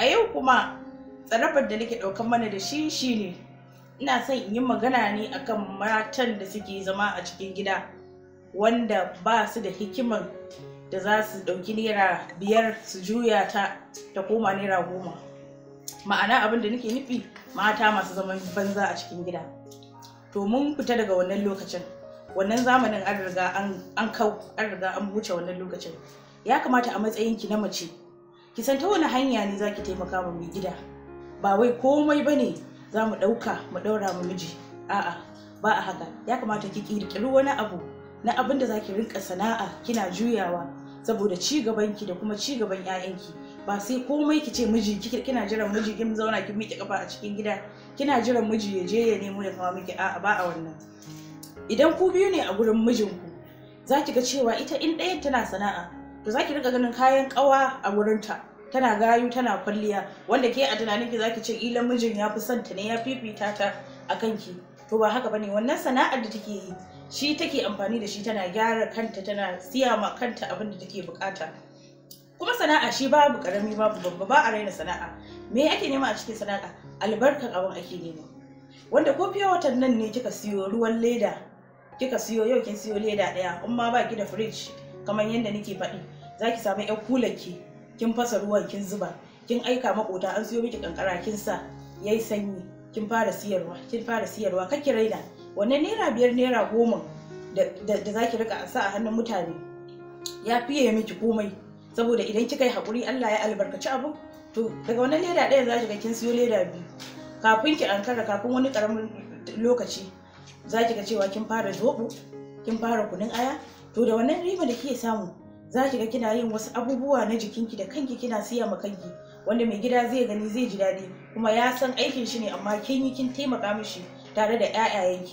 a yau kuma tsarabar da nake ɗaukan mana da shi shine ina son in yi magana ne akan matan da suke zama a cikin gida wanda ba su da hikimar da za su ɗauki naira biyar su juya ta ta koma naira goma ma'ana abin da nake nufi mata masu zaman banza a cikin gida to mun fita daga wannan lokacin wannan zamanin an riga an kau an riga an wuce wannan lokacin ya kamata a matsayin ki na mace ki san ta wani hanya ne zaki taimaka ma mai gida ba wai komai bane za mu ɗauka mu ɗaura mu miji a'a ba a haka ya kamata ki ƙirƙiri wani abu na abin da zaki rinka sana'a kina juyawa saboda ci gaban ki da kuma ci gaban 'ya'yanki ba sai komai ki ce miji kina jiran miji kin zauna kin miƙe kafa a cikin gida kina jiran miji ya je ya nemo ya kawo miki a'a ba a wannan idan ku biyu ne a gurin mijinku za ki ga cewa ita in ɗayan tana sana'a to zaki riga ganin kayan kawa a wurinta tana gayu tana kwalliya wanda ke a tunanin ki zaki ce ilan mijin ya fi son ta ne ya fifita ta a kanki to ba haka bane wannan sana'ar da take yi shi take amfani da shi tana gyara kanta tana siya ma kanta abin da take bukata kuma sana'a shi babu karami babu babba ba a raina sana'a me ake nema a cikin sana'a albarkar abin ake nema wanda ko fiye watan nan ne kika siyo ruwan leda kika siyo yau kin siyo leda daya in ma ki da fridge kamar yadda nake faɗi za ki samu yan kulaki kin fasa ruwan kin zuba kin aika makota an siyo miki kankara kin sa yayi sanyi kin fara siyarwa kin fara siyarwa kake raina wannan naira biyar naira goma da za ki rika sa a hannun mutane ya fiye miki komai saboda idan kika yi hakuri Allah ya albarkaci abu to daga wannan leda ɗaya za ki ga kin siyo leda biyu kafin ki ankara kafin wani ƙaramin lokaci za ki ga cewa kin fara zoɓo kin fara kunun aya to da wannan riba da kike samu za ki ga kina yin wasu abubuwa na jikinki da kanki kina siya ma kanki wanda mai gida zai gani zai ji daɗi kuma ya san aikin shi ne amma kin yi kin taimaka mishi tare da ƴaƴayenki